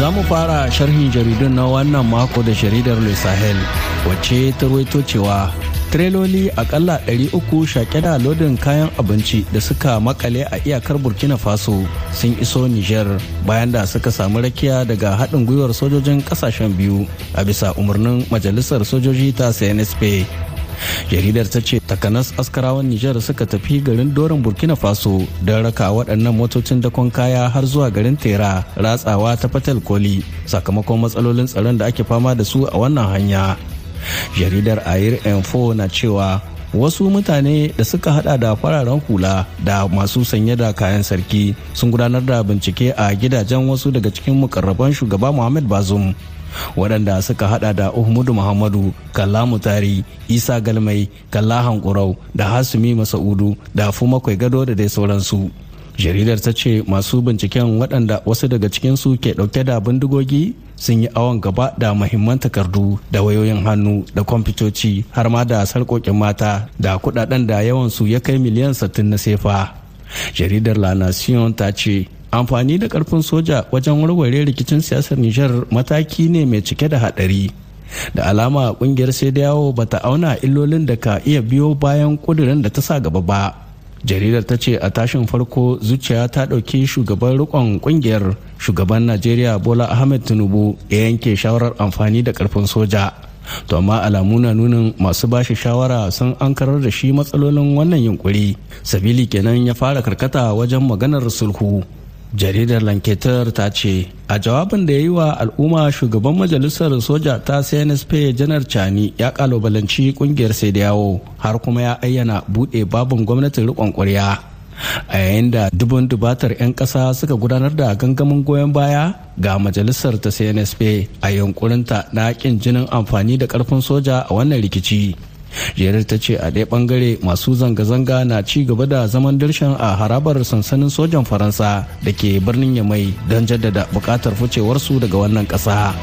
za mu fara sharhin jaridun na wannan mako da jaridar le sahel wacce ta ruwaito cewa treloli akalla 300 shaƙe da lodin kayan abinci da suka makale a iyakar burkina faso sun iso niger bayan da suka samu rakiya daga haɗin gwiwar sojojin ƙasashen biyu a bisa umarnin majalisar sojoji ta cnsp jaridar ta ce takanas askarawan nijar suka tafi garin doron burkina faso don raka waɗannan motocin dakon kaya har zuwa garin tera ratsawa ta fatal koli sakamakon matsalolin tsaron da ake fama da su a wannan hanya jaridar air info na cewa wasu mutane da suka hada da fararen hula da masu sanye da kayan sarki sun gudanar da bincike a gidajen wasu daga cikin mukarraban shugaba muhammad bazum waɗanda suka hada da Uhmudu Muhammadu, Kalla Mutari, Isa Galmai, Kalla Hankurau da Hasumi Masa'udu da Fumakwai Gado da dai sauransu. Jaridar ta ce masu binciken waɗanda wasu daga cikinsu ke ɗauke da bindigogi sun yi awon gaba da muhimman takardu da wayoyin hannu da kwamfutoci har ma da sarƙoƙin mata da kuɗaɗen da yawansu ya kai miliyan 60 na sefa. Jaridar La Nation ta ce amfani da karfin soja wajen warware rikicin siyasar nijar mataki ne mai cike da hadari da alama kungiyar sai da yawo bata auna illolin da ka iya biyo bayan kudurin da ta sa gaba ba jaridar ta ce a tashin farko zuciya ta ɗauki shugaban rikon kungiyar shugaban najeriya bola ahmed tinubu ya yanke shawarar amfani da karfin soja to amma alamu na nunin masu bashi shawara sun ankarar da shi matsalolin wannan yunkuri sabili kenan ya fara karkata wajen maganar sulhu jaridar lanketar ta ce a jawabin da ya yi wa al'umma shugaban majalisar soja ta cnsp janar chani ya kalubalanci kungiyar sai da yawo har kuma ya ayyana bude babin gwamnatin rikon ƙwarya a yayin da dubun dubatar 'yan ƙasa suka gudanar da gangamin goyon baya ga majalisar ta cnsp a yunkurinta na ƙin jinin amfani da ƙarfin soja a wannan rikici jerar ta ce a ɗaya ɓangare masu zanga-zanga na ci gaba da zaman dirshan a harabar sansanin sojan faransa da ke birnin yamai don jaddada buƙatar ficewarsu daga wannan ƙasa